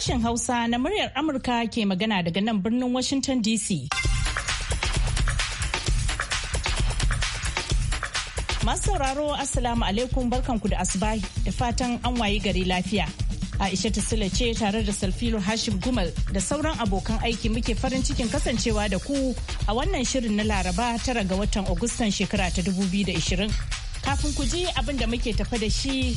Sashen Hausa na muryar Amurka ke magana daga nan birnin Washington DC. Masu sauraro Assalamu alaikum barkanku da asubahi da fatan an wayi gari lafiya. Aisha Sule ce tare da Salfilo Hashim Gumal da sauran abokan aiki muke farin cikin kasancewa da ku a wannan shirin na Laraba tara ga watan Agustan shekara ta 2020. Kafin ku ji abin da muke tafa da shi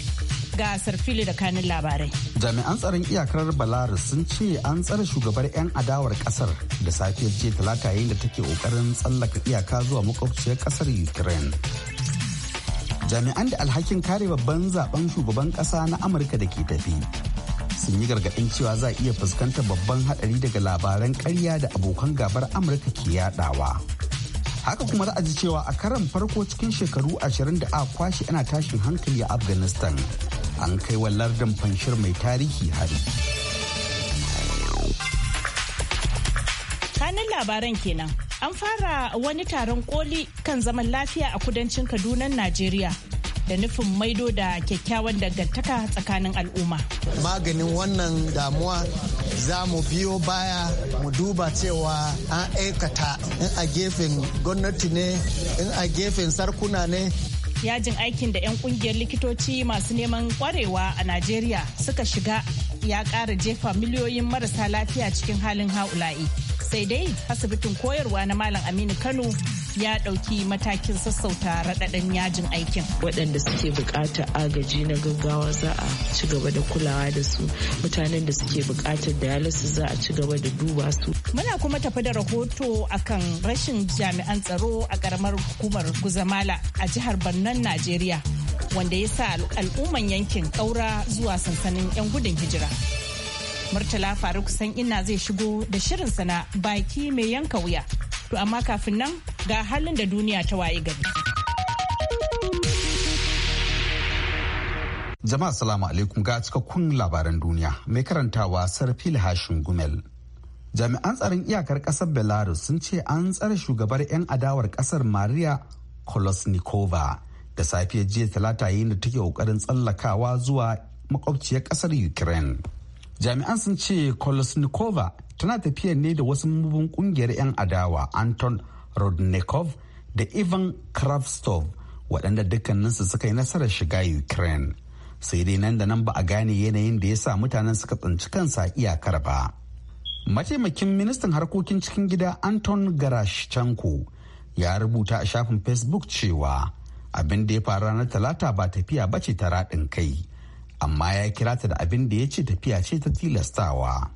gasar fili da kanin labarai. Jami'an tsaron iyakar Belarus sun ce an tsare shugabar 'yan adawar kasar da safiyar jiya talata yayin da take kokarin tsallaka iyaka zuwa makwabciyar kasar Ukraine. Jami'an da alhakin kare babban zaben shugaban kasa na Amurka da ke tafi sun yi gargaɗin cewa za a iya fuskantar babban haɗari daga labaran karya da abokan gabar Amurka ke yaɗawa haka kuma za a ji cewa a karan farko cikin shekaru ashirin da a kwashe ana tashin hankali a afghanistan an kai wa lardin fanshir mai tarihi hari. kanin labaran kenan an fara wani taron koli kan zaman lafiya a kudancin kadunan najeriya da nufin maido da kyakkyawan dangantaka tsakanin al'umma maganin wannan damuwa za mu biyo baya mu duba cewa an aikata in a gefen gwamnati ne in a gefen sarkuna ne yajin aikin da 'yan kungiyar likitoci masu neman kwarewa a najeriya suka shiga ya ƙara jefa miliyoyin marasa lafiya cikin halin ha'ula'i. sai dai asibitin koyarwa na malam aminu kano ya dauki matakin sassauta radadin yajin aikin waɗanda suke bukatar agaji na gaggawa za a ci gaba da kulawa da su mutanen da suke bukatar dialysis za a ci gaba da duba su muna kuma tafi da rahoto akan rashin jami'an tsaro a karamar hukumar guzamala a jihar bannan Najeriya wanda ya sa al'umman yankin ƙaura zuwa sansanin 'yan gudun hijira. Murtala Faruk san ina zai shigo da shirinsa na baki mai yanka wuya. To amma kafin nan ga halin da duniya ta waye gari. Jama'a salamu alaikum ga cikakkun labaran duniya mai karantawa Sarfil Hashin Gumel. Jami'an tsaron iyakar kasar Belarus sun ce an tsare shugabar 'yan adawar kasar Maria Kolosnikova da safiyar jiya talata yayin da take kokarin tsallakawa zuwa makwabciyar kasar Ukraine. jami'an sun ce kolosnikova tana tafiya ne da wasu mabubin kungiyar 'yan adawa anton rodnikov da ivan kravstov waɗanda dukkaninsu suka yi nasarar shiga ukraine sai dai nan da nan ba a gane yanayin da ya sa mutanen suka tsinci kansa iyakar ba mataimakin ministan harkokin cikin gida anton garashchenko ya rubuta a shafin facebook cewa abin da ya faru ranar talata ba tafiya bace ta raɗin kai amma ya kira ta da abin da ya ce tafiya ce ta tilastawa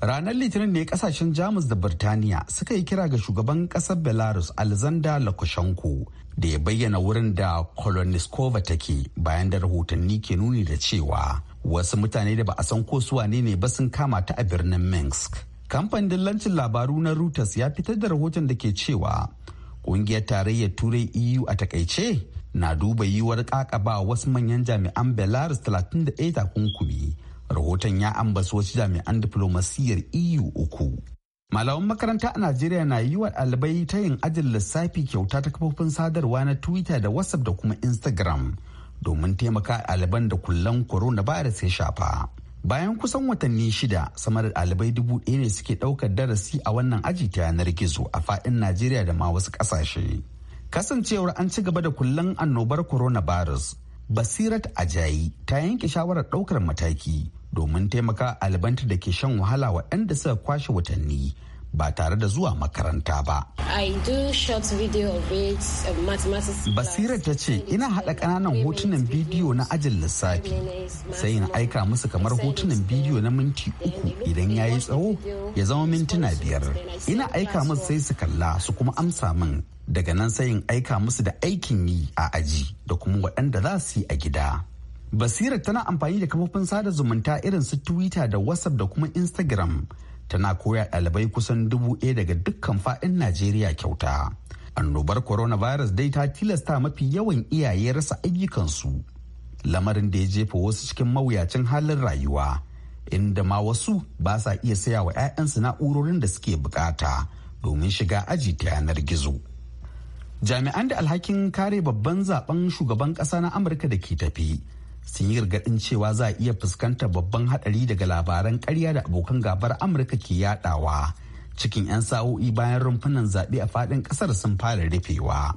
ranar litinin ne kasashen jamus da birtaniya suka yi kira ga shugaban kasar belarus alexander lukashenko da ya bayyana wurin da koloniskova take bayan da rahotanni ke nuni da cewa wasu mutane da ba a san ko su ne ba sun kama ta a birnin minsk kamfanin dillancin labaru na reuters ya fitar da rahoton da ke cewa ƙungiyar tarayyar turai eu a takaice na duba yiwuwar kakaba wasu manyan jami'an belarus a kunkumi. rahoton ya ambaci wasu jami'an diflomasiyyar eu uku malaman makaranta a najeriya na yi wa ɗalibai ta yin ajin lissafi kyauta ta kafofin sadarwa na twitter da whatsapp da kuma instagram domin taimaka ɗaliban da kullan coronavirus ya shafa bayan kusan watanni shida sama da ɗalibai dubu ɗaya ne suke ɗaukar darasi a wannan aji ta yanar gizo a faɗin najeriya da ma wasu ƙasashe kasancewar an ci gaba da kullum annobar coronavirus basirat ajayi ta yanke shawarar ɗaukar mataki domin taimaka albanta da ke shan wahala waɗanda suka kwashe watanni ba tare da zuwa makaranta ba. Uh, Basirar ta ce ina haɗa ƙananan hotunan bidiyo na ajin lissafi sai in aika musu kamar hotunan bidiyo na minti uku idan ya yi tsawo ya zama mintuna biyar. Ina aika musu sai su kalla su kuma amsa min daga nan sai in aika musu da aikin yi a aji da kuma waɗanda za su yi a gida. Basirar tana amfani da kafofin sada zumunta irin su Twitter da WhatsApp da kuma Instagram tana koya ɗalibai kusan dubu ɗaya daga dukkan faɗin najeriya kyauta annobar coronavirus dai ta tilasta mafi yawan iyaye rasa ayyukansu lamarin da ya jefa wasu cikin mawuyacin halin rayuwa inda ma wasu ba sa iya saya wa 'ya'yansu na'urorin da suke bukata domin shiga aji ta yanar gizo jami'an da alhakin kare babban zaben shugaban ƙasa na amurka da ke tafi sun yi gargaɗin cewa za a iya fuskantar babban haɗari daga labaran karya da abokan gabar amurka ke yadawa cikin 'yan sa'o'i bayan rumfunan zaɓe a faɗin ƙasar sun fara rufewa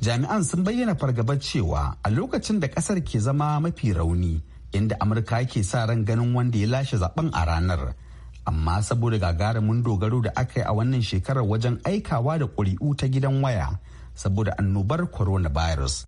jami'an sun bayyana fargabar cewa a lokacin da ƙasar ke zama mafi rauni inda amurka ke sa ran ganin wanda ya lashe zaben a ranar amma saboda gagarumin dogaro da aka yi a wannan shekarar wajen aikawa da ƙuri'u ta gidan waya saboda annobar coronavirus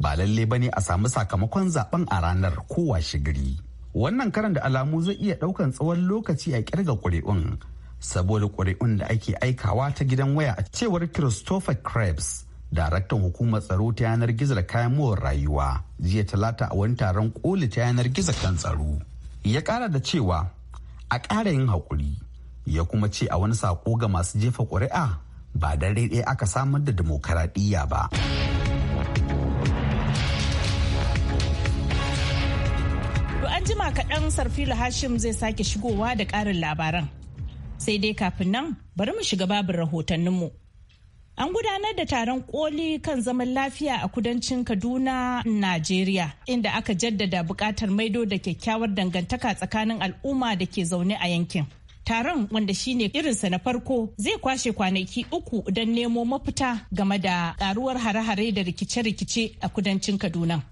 ba lalle bane a samu sakamakon zaben a ranar kowa shigiri wannan karan da alamu zai iya daukan tsawon lokaci a kirga ƙuri'un saboda ƙuri'un da ake aikawa ta gidan waya a cewar christopher krebs daraktan hukumar tsaro ta yanar gizo da kayan mowar rayuwa jiya talata a wani taron koli ta yanar gizo kan tsaro ya ƙara da cewa a ƙara yin haƙuri ya kuma ce a wani saƙo ga masu jefa ƙuri'a ba dare ɗaya aka samar da dimokuraɗiyya ba. An jima kaɗan Sarfila Hashim zai sake shigowa da ƙarin labaran. Sai dai kafin nan bari mu shiga babin rahotanninmu. An gudanar da taron koli kan zaman lafiya a kudancin Kaduna, Najeriya, inda aka jaddada buƙatar maido da kyakkyawar dangantaka tsakanin al'umma da ke zaune a yankin. Taron wanda shine irinsa na farko zai kwashe kwanaki uku don nemo mafita game da karuwar hare-hare da rikice-rikice a kudancin Kaduna.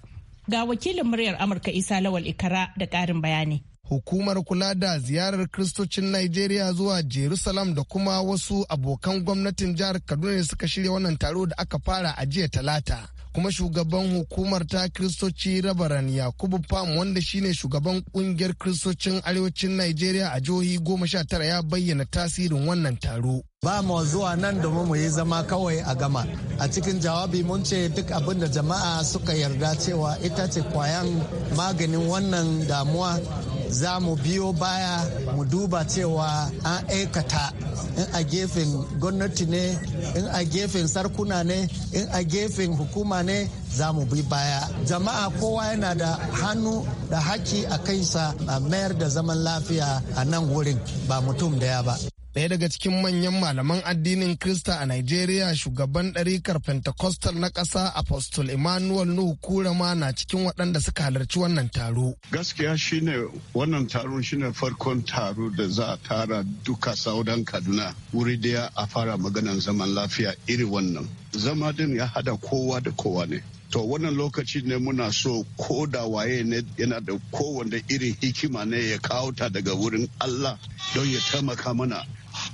Ga wakilin muryar Amurka Isa Lawal Ikara da karin bayani. Hukumar kula da ziyarar Kristocin nigeria zuwa Jerusalem da kuma wasu abokan gwamnatin jihar Kaduna ne suka shirya wannan taro da aka fara a jiya talata. kuma shugaban hukumar ta kristoci rabaran yakubu pam wanda shine shugaban kungiyar kristocin arewacin nigeria a jihohi goma sha tara ya bayyana tasirin wannan taro ba mu zuwa nan domin mu yi zama kawai a gama a cikin jawabi mun ce duk abin da jama'a suka yarda cewa ita ce kwayan maganin wannan damuwa za mu biyo baya mu duba cewa an aikata in a gefen gwamnati ne in a gefen sarkuna ne in a gefen hukuma ne za mu bi baya jama'a kowa yana da hannu da haki a kansa a mayar da zaman lafiya a nan wurin ba mutum daya ba daya daga cikin manyan malaman addinin Krista a Nigeria shugaban ɗarikar Pentecostal na ƙasa Apostle Emmanuel Nuhu Kurama na cikin waɗanda suka halarci wannan taro. Gaskiya shine wannan taro shine farkon taro da za a tara duka saudan Kaduna wuri daya a fara maganan zaman lafiya iri wannan. Zama din ya hada kowa da kowa ne. to wannan lokaci ne muna so ko da waye ne yana da kowanne irin hikima ne ya kawo ta daga wurin Allah don ya taimaka mana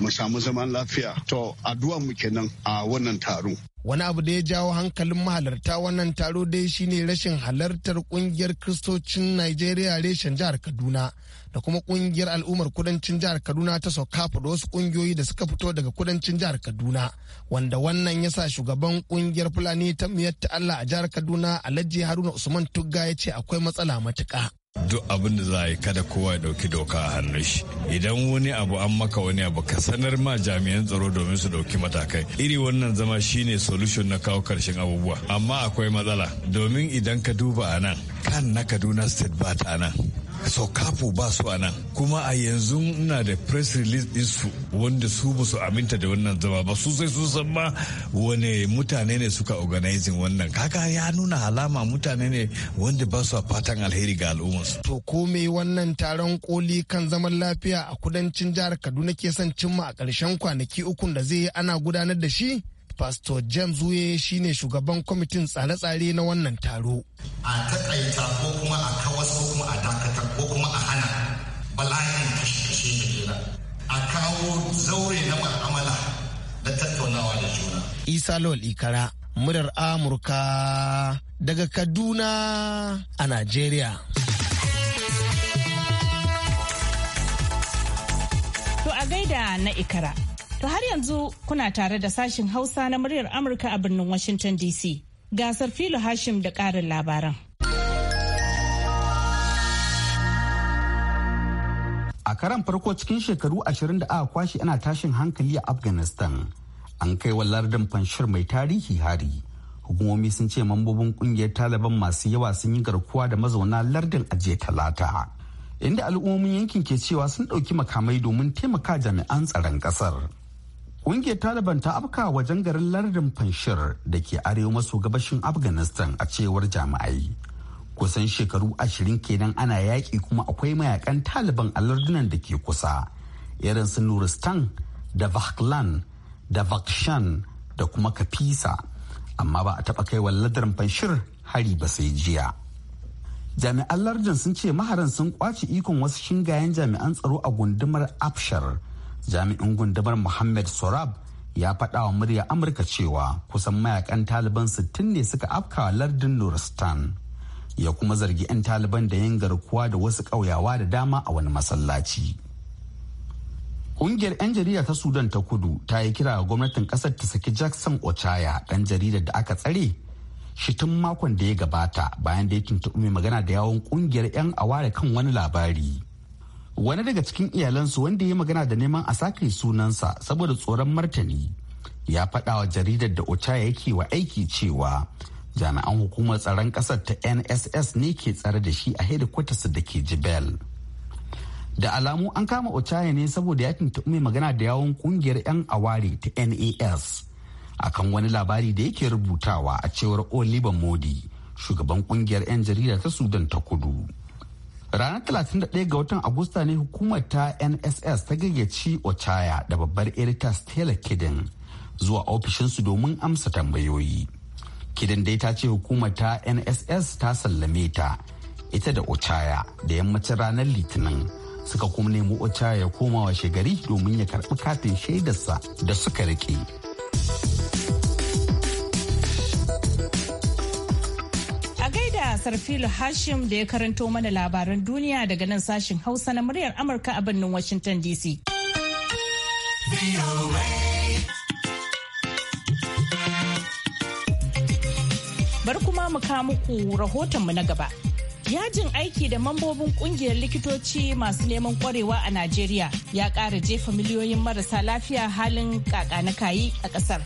mu samu zaman lafiya to addu'a mu kenan a wannan taro wani abu da ya jawo hankalin mahalarta wannan taro dai shine rashin halartar kungiyar kristocin nigeria reshen jihar kaduna da kuma kungiyar al'ummar kudancin jihar kaduna ta sokafa da wasu kungiyoyi da suka fito daga kudancin jihar kaduna wanda wannan ya sa shugaban kungiyar fulani ta miyar allah a jihar kaduna alhaji haruna usman tugga ya ce akwai matsala matuka duk abin da za a yi kada kowa ya dauki doka a hannun shi idan wani abu an maka wani abu ka sanar ma jami'an tsaro domin su dauki matakai iri wannan zama shine solution na kawo karshen abubuwa amma akwai matsala domin idan ka duba a nan kan na kaduna state ba ta nan sokafu ba su a nan kuma a yanzu ina da press release ɗinsu wanda su ba su aminta da wannan zama ba su sai su san ma wane mutane ne suka organizing wannan kaka ya nuna alama mutane ne wanda ba su a fatan alheri ga al'ummarsu. to ko me wannan taron koli kan zaman lafiya a kudancin jihar kaduna ke son cimma a ƙarshen kwanaki ukun da zai yi ana gudanar da shi Pastor James Wuye shine shugaban kwamitin tsare-tsare na wannan taro. A taƙaita ko kuma a kawas ko kuma a bala'in kashe kashe da juna a kawo zaure na ma'amala da tattaunawa da juna. Isa Lol Ikara, murar Amurka daga Kaduna a Najeriya. To a gaida na Ikara. To har yanzu kuna tare da sashin Hausa na muryar Amurka a birnin Washington DC. Gasar filo Hashim da ƙarin labaran. a karan farko cikin shekaru ashirin da aka kwashe ana tashin hankali a afghanistan an kai wa lardin fanshir mai tarihi hari hukumomi sun ce mambobin kungiyar taliban masu yawa sun yi garkuwa da mazauna lardin ajiye talata inda al'ummomin yankin ke cewa sun ɗauki makamai domin taimaka jami'an tsaron ƙasar kungiyar taliban ta afka wajen garin lardin fanshir da ke arewa maso gabashin afghanistan a cewar jami'ai kusan shekaru ashirin kenan ana yaƙi kuma akwai mayakan taliban a lardunan da ke kusa irin su nuristan da vaklan da vakshan da kuma kafisa amma ba a taɓa kai wa ladarin fanshir hari ba sai jiya jami'an lardin sun ce maharan sun kwace ikon wasu shingayen jami'an tsaro a gundumar afshar jami'in gundumar muhammad sorab ya faɗa wa murya amurka cewa kusan mayakan taliban 60 ne suka afkawa lardin nuristan ya kuma zargi 'yan taliban da yin garkuwa da wasu ƙauyawa da dama a wani masallaci Ƙungiyar 'yan jarida ta Sudan ta kudu ta yi kira ga gwamnatin ƙasar ta saki Jackson Ochaya ɗan jaridar da aka tsare shi tun makon da ya gabata bayan da ya tuntuɓi magana da yawon ƙungiyar 'yan aware kan wani labari. Wani daga cikin iyalansu wanda ya magana da neman a sake sunansa saboda tsoron martani ya faɗa wa jaridar da Ochaya yake wa aiki cewa jami'an hukumar tsaron kasar ta nss ne ke tsare da shi a hedikwatarsa da ke jibel da alamu an kama ochaya ne saboda ya ta magana da yawon kungiyar 'yan aware ta nas akan wani labari da yake rubutawa a cewar oliver modi shugaban kungiyar 'yan jarida ta sudan ta kudu ranar 31 ga watan agusta ne hukumar ta nss ta gayyaci ochaya da babbar editor stella kidin zuwa ofishinsu domin amsa tambayoyi kidan dai ta ce hukumar ta nss ta sallame ta ita da ochaya da yammacin ranar litinin suka kuma nemi ochaya ya koma wa shegari domin ya karbi katin shaidarsa da suka rike a gaida sarfilu hashim da ya karanto mana labaran duniya daga nan sashin hausa na muryar amurka a birnin washington dc bar kuma mu ka muku rahotonmu na gaba. Yajin aiki da mambobin kungiyar likitoci masu neman kwarewa a Najeriya ya ƙara jefa miliyoyin marasa lafiya halin kaka na kayi a ƙasar.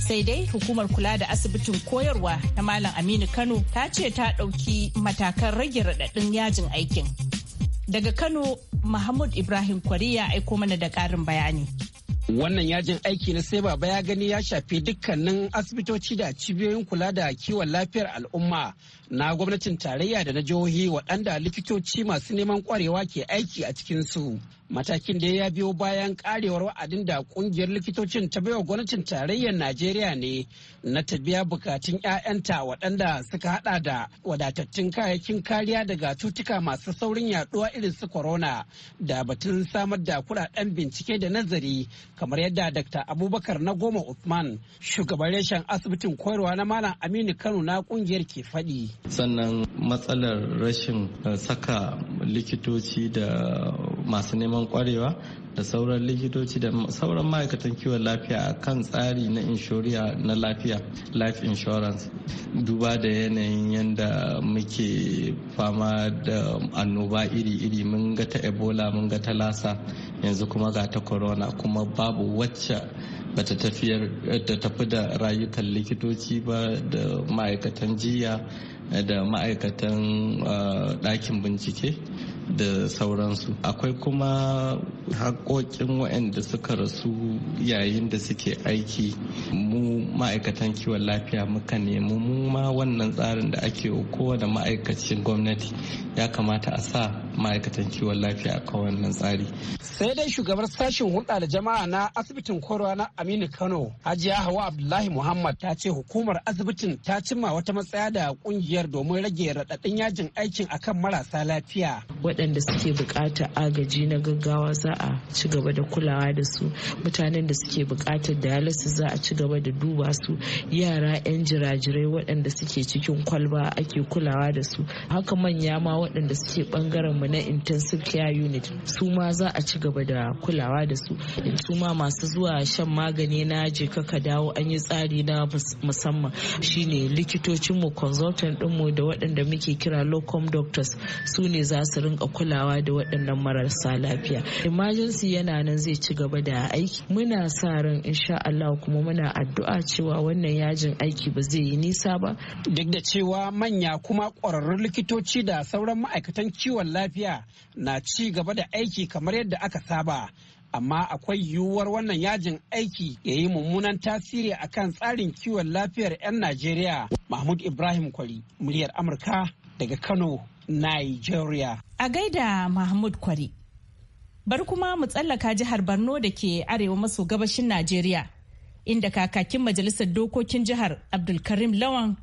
Sai dai hukumar kula da asibitin koyarwa na Malam Aminu Kano ta ce ta ɗauki matakan rage raɗaɗin yajin aikin. Daga Kano, Muhammad Ibrahim Kwari ya aiko mana da ƙarin bayani. Wannan yajin aiki na sai baba ya gani ya shafi dukkanin asibitoci da cibiyoyin kula da kiwon lafiyar al'umma na gwamnatin tarayya da na jihohi waɗanda likitoci masu neman kwarewa ke aiki a cikinsu. matakin da ya biyo bayan karewar wa'adin da kungiyar likitocin ta baiwa gwamnatin tarayyar najeriya ne na ta biya bukatun 'ya'yanta waɗanda suka hada da wadatattun kayayyakin kariya daga cutuka masu saurin yaduwa irin su corona da batun samar da kuɗaɗen bincike da nazari kamar yadda dr abubakar na goma usman shugaban reshen asibitin koyarwa na malam aminu kano na kungiyar ke faɗi sannan matsalar rashin eh, saka likitoci da masu neman kwarewa da sauran likitoci da sauran ma'aikatan kiwon lafiya a kan tsari na inshoriya na lafiya life insurance duba da yanayin yadda muke fama da annoba iri-iri mun ga ta ebola mun ga ta lasa yanzu kuma ga ta corona kuma babu wacce bata tafiyar da tafi da rayukan likitoci ba da ma'aikatan jiya da ma'aikatan ah, ɗakin bincike da sauransu akwai kuma haƙoƙin waɗanda suka rasu yayin da suke aiki mu ma'aikatan kiwon lafiya muka nemi mu ma wannan tsarin da ake kowa da ma'aikacin gwamnati ya kamata a sa ma'aikatan kiwon lafiya a wannan tsari. Sai dai shugabar sashen hulɗa da jama'a na asibitin korowa na Aminu Kano, Hajiya Hawa Abdullahi Muhammad ta ce hukumar asibitin ta cimma wata matsaya da kungiyar domin rage raɗaɗin yajin aikin akan marasa lafiya. Waɗanda suke buƙatar agaji na gaggawa za za a ci gaba da kulawa da su mutanen da suke da dialysis za a ci gaba da duba su yara 'yan jirajirai waɗanda suke cikin kwalba ake kulawa da su haka manya ma waɗanda suke ɓangaren mu na intensive care unit su ma za a ci gaba da kulawa da su su ma masu zuwa shan magani na je ka dawo an yi tsari na musamman shine likitocinmu consultant mu da waɗanda muke kira locum doctors su ne za su rinka kulawa da waɗannan marasa lafiya emergency yana nan zai ci gaba da aiki muna sa ran insha Allah kuma muna addu'a cewa wannan yajin aiki ba zai yi nisa ba duk da cewa manya kuma ƙwararrun likitoci da sauran ma'aikatan kiwon lafiya na ci gaba da aiki kamar yadda aka saba amma akwai yiwuwar wannan yajin aiki ya yi mummunan tasiri a kan tsarin kiwon lafiyar 'yan najeriya mahmud ibrahim kwari muryar amurka daga kano nigeria a gaida mahmud kwari Bar kuma mu tsallaka jihar Borno da ke arewa maso gabashin Najeriya, inda kakakin majalisar dokokin jihar Abdulkarim Lawan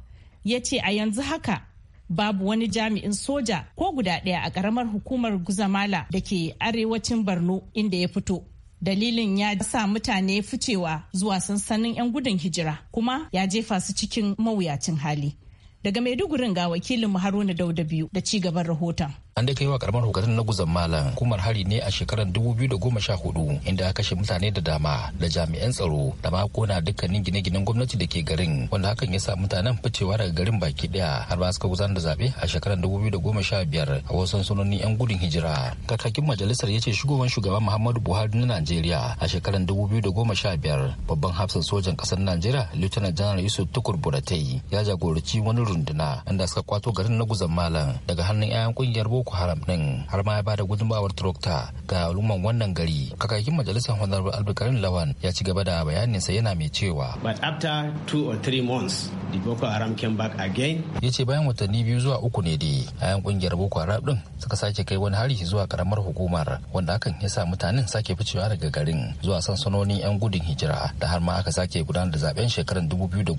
ya ce a yanzu haka babu wani jami'in soja ko guda ɗaya a ƙaramar hukumar Guzamala da ke arewacin Borno inda ya fito. Dalilin ya sa mutane ficewa zuwa sansanin 'yan gudun hijira kuma ya jefa su cikin mawuyacin hali. Daga Maidugurin ga wakilin Haruna Dauda biyu da ci gaban rahoton. an da kaiwa karamar hukatar na guzan malam kumar hari ne a shekarar 2014 inda aka kashe mutane da dama da jami'an tsaro da ma kona dukkanin gine-ginen gwamnati da ke garin wanda hakan ya sa mutanen ficewa daga garin baki daya har ba suka gudanar da zabe a shekarar 2015 a wasu sunonin yan gudun hijira kakakin majalisar ya ce shugaban shugaban muhammadu buhari na najeriya a shekarar 2015 babban hafsan sojan kasar najeriya lieutenant general yusuf tukur buratai ya jagoranci wani runduna inda suka kwato garin na guzan malam daga hannun 'ya'yan kungiyar boko boko haram din har ma ya bada gudunmawar trokta ga al'umman wannan gari kakakin majalisar honar albukarin lawan ya ci gaba da bayaninsa yana mai cewa but after two or three months the boko haram came back again ya ce bayan watanni biyu zuwa uku ne dai ayan kungiyar boko haram din suka sake kai wani hari zuwa karamar hukumar wanda hakan ya sa mutanen sake ficewa daga garin zuwa sansanonin yan gudun hijira da har ma aka sake gudanar da zaben shekarar 2019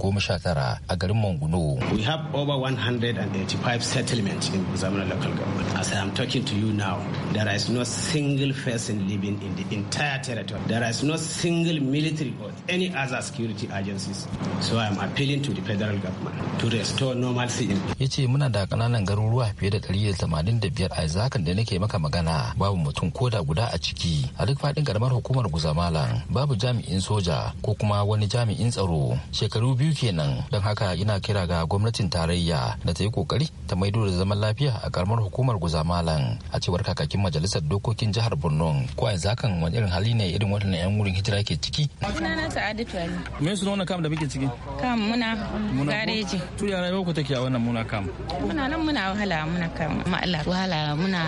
a garin manguno we have over 185 settlements in zamanin local government As I am talking to you now, there is no single person living in the entire territory. There is no single military or any other security agencies. So I am appealing to the federal government to restore normalcy. Ya ce muna da kananan garuruwa fiye da ɗari da da tamanin biyar a zakan da nake maka magana babu mutum ko da guda a ciki a duk faɗin karamar hukumar guzamala babu jami'in soja ko kuma wani jami'in tsaro shekaru biyu kenan don haka ina kira ga gwamnatin tarayya da ta yi kokari ta maido da zaman lafiya a karamar hukumar guza malam a cewar kakakin majalisar dokokin jihar borno ko yanzu hakan wani irin hali ne irin wannan yan wurin hijira ke ciki sunana sa'adatu ali me suna wannan kam da muke ciki kam muna gareji tu yara rayuwar ku take a wannan muna kam muna nan muna wahala muna kam ma'ala wahala muna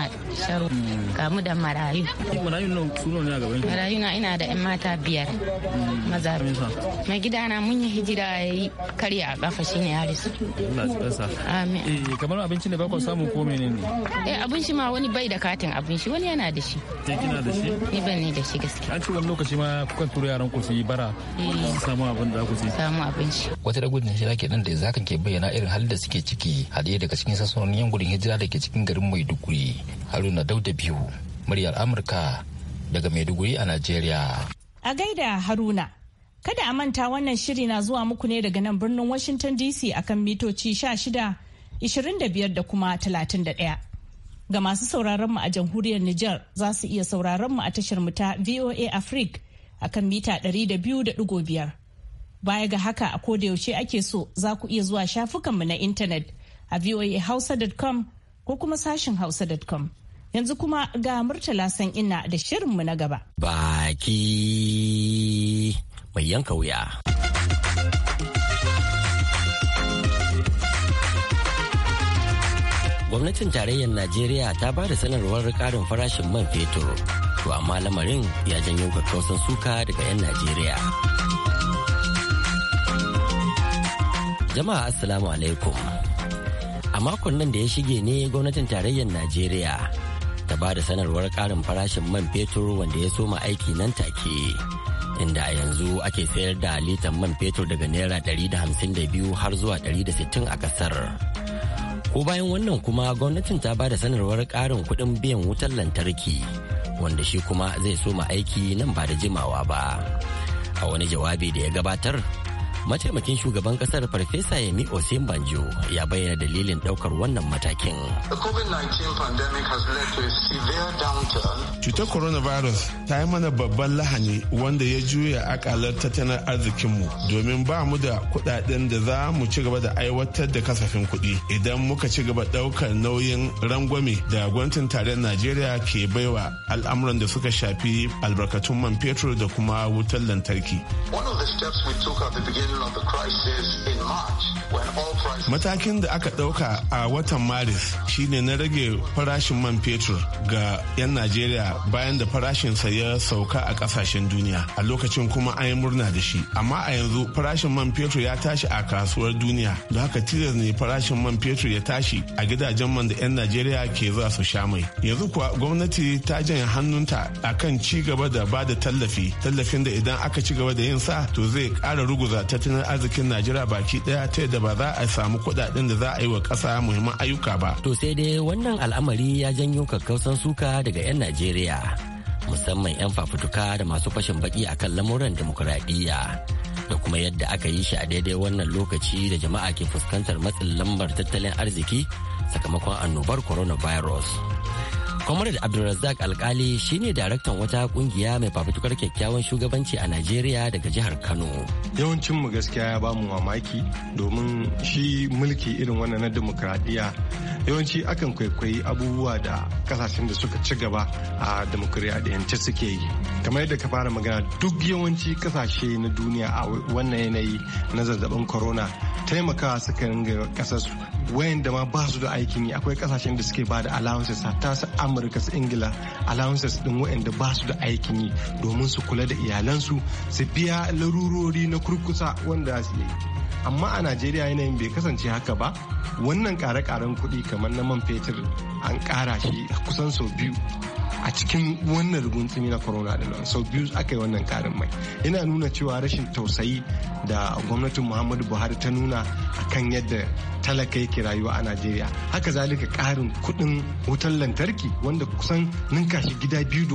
sharu kamu hmm. da marayu marayu nan su ne a gaban marayu na ina da yan mata biyar hmm. maza mai gidana mun yi hijira yayi kariya a kafa shine ya rasu eh, kamar abinci ne ba ku samu ko menene eh abin shi ma wani bai da katin abin shi wani yana da shi ke kina da shi ni ban ne da shi gaskiya an ce wani lokaci ma kukan tura yaran ku su yi bara su eh. samu abin da ku su samu abin shi wata da gudun shi ke nan da zaka ke bayyana irin halin da suke ciki hadiye daga cikin sassanonin yan gudun hijira da ke cikin garin Maiduguri Haruna Dauda Biyu muryar Amurka daga Maiduguri a nigeria. a gaida Haruna Kada a manta wannan shiri na zuwa muku ne daga nan birnin Washington DC akan mitoci 16, 25 da kuma 31. Ga masu sauraron mu a jamhuriyar Nijar za su iya sauraron mu a tashar mu ta VOA Africa akan mita 200.5. Baya ga haka a koda yaushe ake so za ku iya zuwa shafukanmu na intanet a voahausa.com ko kuma sashin hausa.com. Yanzu kuma ga Murtala san ina da shirinmu na gaba. Baki mai yanka wuya. gwamnatin tarayyar najeriya ta ba da sanarwar karin farashin man fetur to amma lamarin ya janyo kakkausan suka daga 'yan najeriya jama'a assalamu alaikum a makon nan da ya shige ne gwamnatin tarayyar najeriya ta ba da sanarwar karin farashin man fetur wanda ya soma aiki nan take inda a yanzu ake sayar da litan man fetur daga naira 152 har zuwa 160 a kasar. ko bayan wannan kuma gwamnatin ta ba da sanarwar ƙarin kuɗin biyan wutar lantarki wanda shi kuma zai soma aiki nan ba da jimawa ba a wani jawabi da ya gabatar mataimakin shugaban kasar farfesa yemi osin ya bayyana dalilin daukar wannan matakin cutar coronavirus ta yi mana babban lahani wanda ya juya akalar tattalin arzikinmu domin ba mu da kudaden da za mu ci gaba da aiwatar da kasafin kuɗi idan muka ci gaba daukar nauyin rangwame da gwamnatin tarayyar najeriya ke baiwa al'amuran da suka shafi albarkatun man fetur da kuma wutar lantarki. One of the steps we took at the beginning Matakin da aka ɗauka a watan Maris shine na rage farashin man fetur ga 'yan Najeriya bayan da farashinsa ya sauka a ƙasashen duniya. A lokacin kuma an yi murna da shi. Amma a yanzu farashin man fetur ya tashi a kasuwar duniya. da haka tilas ne farashin man fetur ya tashi a gidajen man da 'yan Najeriya ke za su sha mai. Yanzu kuwa gwamnati ta janye hannunta kan ci gaba da ba da tallafi. Tallafin da idan aka ci gaba da yin sa to zai ƙara ruguza tattalin tattalin arzikin najeriya baki daya ta yadda ba za a samu kuɗaɗen da za a yi wa ƙasa muhimman ayyuka ba to sai dai wannan al'amari ya janyo kakkausan suka daga 'yan najeriya musamman 'yan fafutuka da masu fashin baki akan lamuran demokuraɗiyya da kuma yadda aka yi shi a daidai wannan lokaci da jama'a ke fuskantar matsin lambar tattalin arziki sakamakon annobar coronavirus. comrade abdulrazak alkali shine daraktan wata kungiya mai fafutukar kyakkyawan shugabanci a najeriya daga jihar kano yawancin mu gaskiya ya bamu mamaki domin shi mulki irin wannan na demokradiyya yawanci akan kwaikwayi abubuwa da kasashen da suka ci gaba a da yanci suke yi kamar yadda ka fara magana duk yawanci kasashe na duniya a wannan yanayi na zazzabin corona taimakawa suka ringa kasarsu wayanda ma ba su da aikin yi akwai kasashen da suke ba da allowances hatta su amurka su ingila allowances din wayanda ba su da aikin yi domin su kula da iyalansu su biya larurori na kurkusa wanda su yi amma a najeriya yanayin bai kasance haka ba wannan kare-karen kuɗi kamar na man fetur an ƙara shi kusan sau biyu a cikin wannan rugunsumi na corona din sau biyu aka yi wannan karin mai yana nuna cewa rashin tausayi da gwamnatin muhammadu buhari ta nuna a kan yadda talaka yake rayuwa a najeriya haka zalika karin kudin wutar lantarki wanda kusan ninka shi gida biyu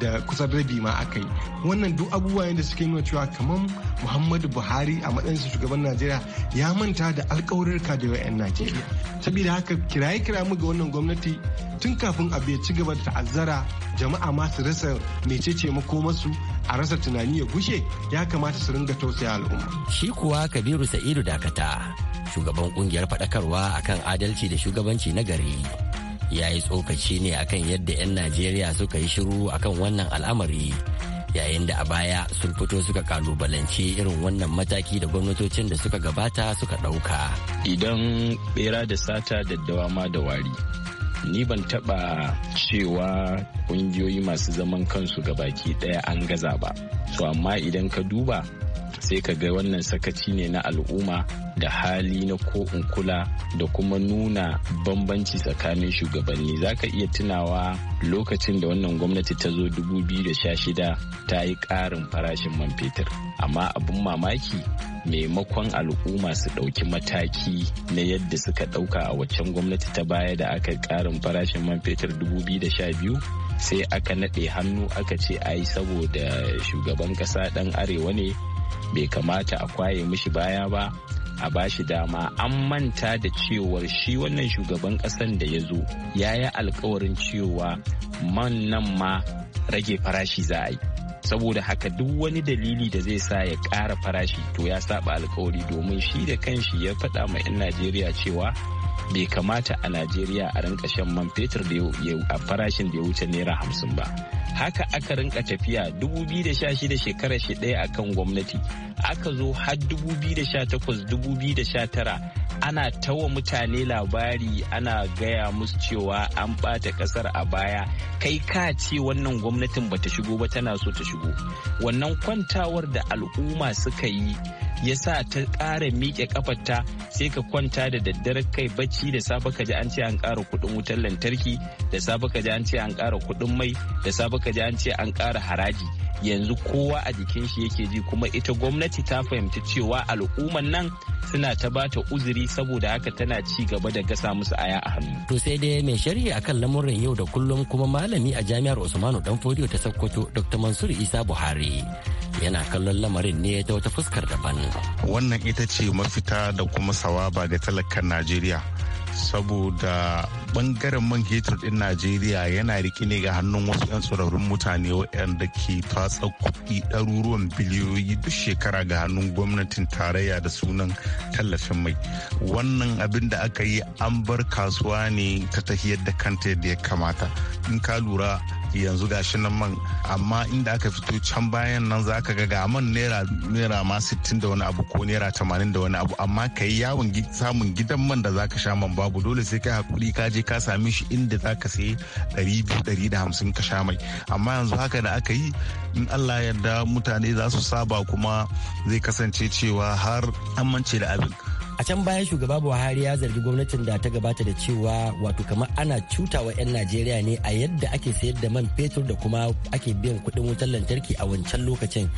da kusan rabi ma aka yi wannan duk abubuwa yadda suke nuna cewa kamar muhammadu buhari a matsayin su shugaban najeriya ya manta da alkawarirka da yawan najeriya saboda haka kiraye kira mu ga wannan gwamnati tun kafin abu ya ci gaba da ta'azzara jama'a ma su rasa mecece makomarsu a rasa tunani ya gushe ya kamata su ringa tausaya al'umma. Shi kuwa Kabiru Sa'idu Dakata, shugaban kungiyar faɗakarwa akan adalci da shugabanci na gari. Ya yi tsokaci ne akan yadda 'yan Najeriya suka yi shiru akan wannan al'amari. yayin da a baya sun fito suka kalubalance irin wannan mataki da gwamnatocin da suka gabata suka ɗauka. Idan bera da sata daddawa ma da wari ni ban taba cewa kungiyoyi masu zaman kansu ga baki daya an gaza ba so amma idan ka duba sai ka ga wannan sakaci ne na al'umma da hali na ko in kula da kuma nuna bambanci tsakanin shugabanni za ka iya tunawa lokacin da wannan gwamnati ta zo 2016 ta yi ƙarin farashin man fetur amma abin mamaki maimakon al'umma su ɗauki mataki na yadda suka ɗauka a waccan gwamnati ta baya da aka ƙarin farashin man fetur 2012 sai aka naɗe hannu aka ce ai saboda shugaban ƙasa ɗan arewa ne bai kamata a kwaye mishi baya ba a bashi dama an manta da cewar shi wannan shugaban kasan da ya zo ya yi alkawarin cewa man nan ma rage farashi za a yi saboda haka duk wani dalili da zai sa ya ƙara farashi to ya saba alkawari domin shi da kanshi ya faɗa ma 'yan najeriya cewa bai kamata a najeriya a rinka shan man fetur a farashin da ya wuce naira hamsin ba haka aka rinka tafiya 2016 shekarar shi ɗaya akan gwamnati aka zo har 2018-2019 ana tawa mutane labari ana gaya musu cewa an ɓata ƙasar a baya kai ka ce wannan gwamnatin bata shigo ba tana so ta shigo wannan kwantawar da al'umma suka yi ya sa ta ƙara miƙe kafarta sai ka kwanta da daddare kai bacci da safe ka ji an ce an ƙara kuɗin wutar lantarki da safe ka ji an ce an ƙara kuɗin mai da safe ka ji an ce an ƙara haraji yanzu kowa a jikin shi yake ji kuma ita gwamnati ta fahimci cewa al'umman nan suna ta bata uzuri saboda haka tana ci gaba da gasa musu aya a hannu. To sai dai mai sharhi akan lamurin yau da kullum kuma malami a jami'ar Usmanu Danfodiyo ta Sokoto Dr. Mansur Isa Buhari. yana kallon lamarin ne ta wata fuskar daban. Wannan ita ce mafita da kuma sawaba ga talakan Najeriya. saboda bangaren man fetur din najeriya yana rike ne ga hannun wasu 'yan tsoron mutane waɗanda ke tatsa kuɗi ɗaruruwan biliyoyi duk shekara ga hannun gwamnatin tarayya da sunan tallafin mai wannan abin da aka yi an bar kasuwa ne ta tahiyar da kanta yadda ya kamata in ka lura yanzu gashi nan man amma inda aka fito can bayan nan za ka ga ga man naira naira ma 60 da wani abu ko naira 80 da wani abu amma ka yi yawon samun gidan man da za ka sha man ba babu dole sai kai hakuri ka je ka same shi inda za ka sai ɗari biyu ɗari da hamsin ka sha mai amma yanzu haka da aka yi in allah yadda mutane za su saba kuma zai kasance cewa har an mance da abin a can baya shugaba buhari ya zargi gwamnatin da ta gabata da cewa wato kamar ana cutawa 'yan najeriya ne a yadda ake sayar da man fetur da kuma ake biyan kuɗin wutar lantarki a wancan lokacin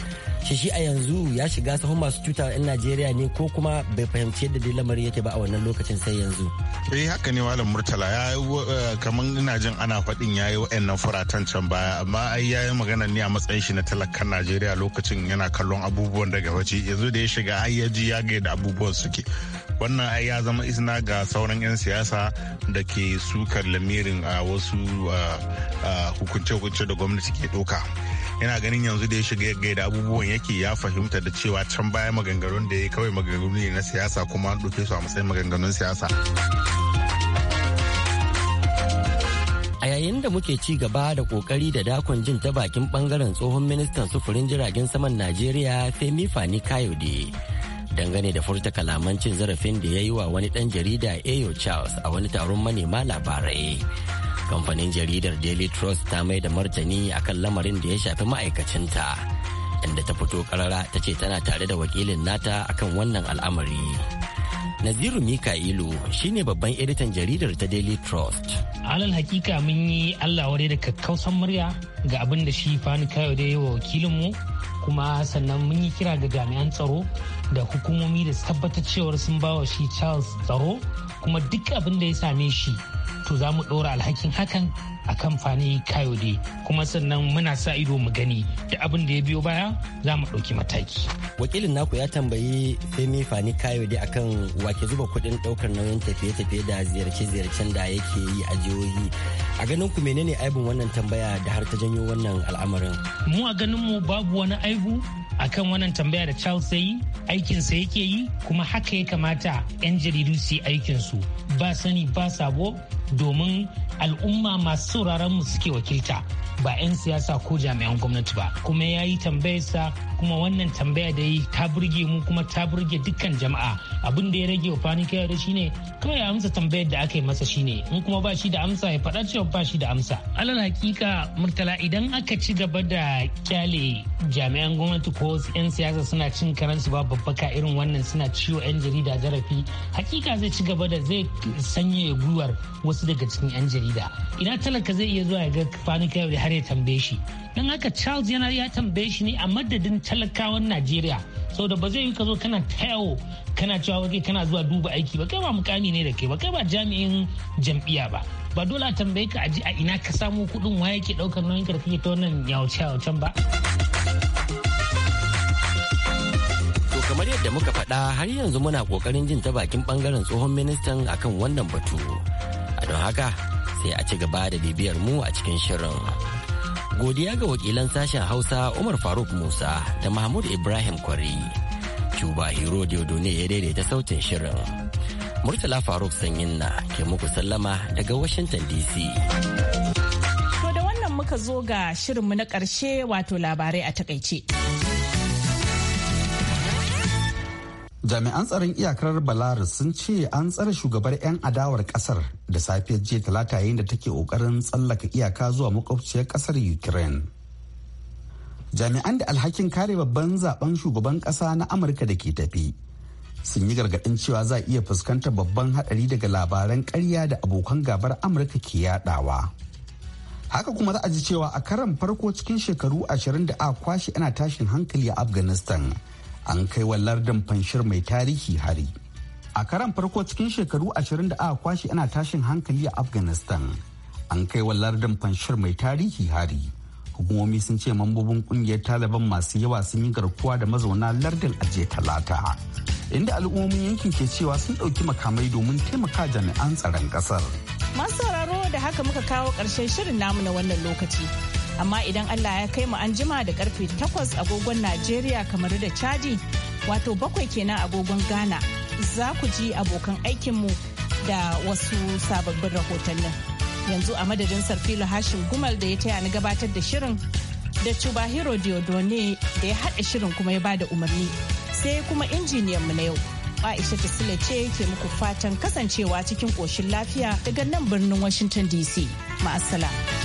shi shi a yanzu ya shiga sahun masu cutawa 'yan najeriya ne ko kuma bai fahimci yadda dai lamarin yake ba a wannan lokacin sai yanzu eh haka ne malam murtala ya eh, kamar ina jin ana faɗin ya yi wa'annan furatan can baya amma ai ya yi magana ne a matsayin shi na talakan najeriya lokacin yana kallon abubuwan daga waje yanzu da ya shiga ai ya ji ya ga yadda abubuwan suke wannan ai ya zama isna ga sauran 'yan siyasa da ke sukar lamirin a wasu hukunce-hukunce da gwamnati ke doka yana ganin yanzu da ya shiga yaggai da abubuwan yake ya fahimta da cewa can baya maganganun da ya kawai maganganu ne na siyasa kuma an ɗauke su a matsayin maganganun siyasa a yayin da muke ci gaba da kokari da dakon jin ta bakin bangaren tsohon ministan sufurin jiragen saman najeriya femi fani kayode dangane da furta kalaman cin zarafin da ya yi wa wani ɗan jarida Ayo Charles a wani taron manema labarai. Kamfanin jaridar Daily Trust ta mai da martani akan lamarin da ya shafi ma'aikacinta, inda ta fito karara ta ce tana tare da wakilin nata akan wannan al'amari. Naziru Mika'ilu shine babban editan jaridar ta Daily Trust. Alal hakika mun yi Allah ware da kakkausan murya ga abin da shi Fani Kayo da yawa wakilinmu kuma sannan mun yi kira ga jami'an tsaro da hukumomi da tabbatar cewar sun bawa shi Charles tsaro kuma duk abin da ya same shi to za mu ɗora alhakin hakan a kamfani kayode kuma sannan muna sa ido mu gani da abin da ya biyo baya za mu ɗauki mataki. wakilin naku ya tambayi femi fani kayode akan wake zuba kuɗin ɗaukar nauyin tafiye-tafiye da ziyarce-ziyarcen da yake yi a jihohi a ganin ku menene aibun wannan tambaya da har ta janyo wannan al'amarin mu a ganin mu babu wani aibu akan wannan tambaya da Charles ya yi aikinsa yake yi kuma haka ya kamata 'yan jaridu su yi aikinsu ba sani ba sabo domin al'umma masu sauraron mu suke wakilta ba 'yan siyasa ko jami'an gwamnati ba kuma ya yi tambayarsa kuma wannan tambaya da yi ta burge mu kuma ta burge dukkan jama'a abin da ya rage wa fani kayar shine kawai amsa tambayar da aka yi masa shine in kuma ba shi da amsa ya faɗa cewa ba shi da amsa alal hakika murtala idan aka ci gaba da kyale jami'an gwamnati ko 'yan siyasa suna cin karansu ba babbaka irin wannan suna ciwo 'yan jarida zarafi hakika zai ci gaba da zai sanya gwiwar wasu wasu daga cikin 'yan jarida ina talaka zai iya zuwa ya ga kwanika yau har ya tambaye shi don haka charles yana ya tambaye shi ne a madadin talakawan najeriya saboda ba zai yi ka zo kana tayawo kana cewa kai kana zuwa duba aiki ba kai ba mukami ne da kai ba kai ba jami'in jam'iyya ba ba dole a tambaye ka aji a ina ka samu kuɗin wa yake ɗaukar nauyin karfi ta wannan yawace-yawacen ba. kamar yadda muka faɗa har yanzu muna kokarin jin ta bakin ɓangaren tsohon ministan akan wannan batu a don haka sai a ci gaba da bibiyar mu a cikin shirin godiya ga wakilan sashen hausa umar faruk musa da mahmud ibrahim kwari cuba hero ne ya daidaita sautin shirin murtala faruk sanyin na ke muku sallama daga washington dc to da wannan muka zo ga shirinmu na ƙarshe wato labarai a takaice. jami'an tsaron iyakar belarus sun ce an tsare shugabar 'yan adawar kasar da safiyar jiya talata yayin da take kokarin tsallaka iyaka zuwa makwabciyar kasar ukraine jami'an da alhakin kare babban zaben shugaban kasa na amurka da ke tafi sun yi gargaɗin cewa za a iya fuskantar babban haɗari daga labaran karya da abokan gabar amurka ke yadawa haka kuma za a ji cewa a karan farko cikin shekaru ashirin da a kwashe ana tashin hankali a afghanistan an kai wa lardin fanshir mai tarihi hari a karan farko cikin shekaru ashirin da aka kwashe ana tashin hankali a afghanistan an kai wa lardin fanshir mai tarihi hari hukumomi sun ce mambobin kungiyar taliban masu yawa sun yi garkuwa da mazauna lardin ajiye talata inda al'ummomin yankin ke cewa sun ɗauki makamai domin taimaka jami'an tsaron ƙasar masu sauraro da haka muka kawo ƙarshen shirin namu na wannan lokaci amma idan Allah ya kai mu an jima da karfe takwas agogon Najeriya kamar da Chadi wato bakwai kenan agogon Ghana za ku ji abokan aikinmu da wasu sababbin rahotannin. Yanzu a madadin Sarfilo Hashim Gumal da ya taya ni gabatar da shirin da Chubahiro Diodone da ya haɗa shirin kuma ya bada umarni sai kuma injiniyan mu na yau. Aisha Tasila ce ke muku fatan kasancewa cikin koshin lafiya daga nan birnin Washington DC. Ma'asala.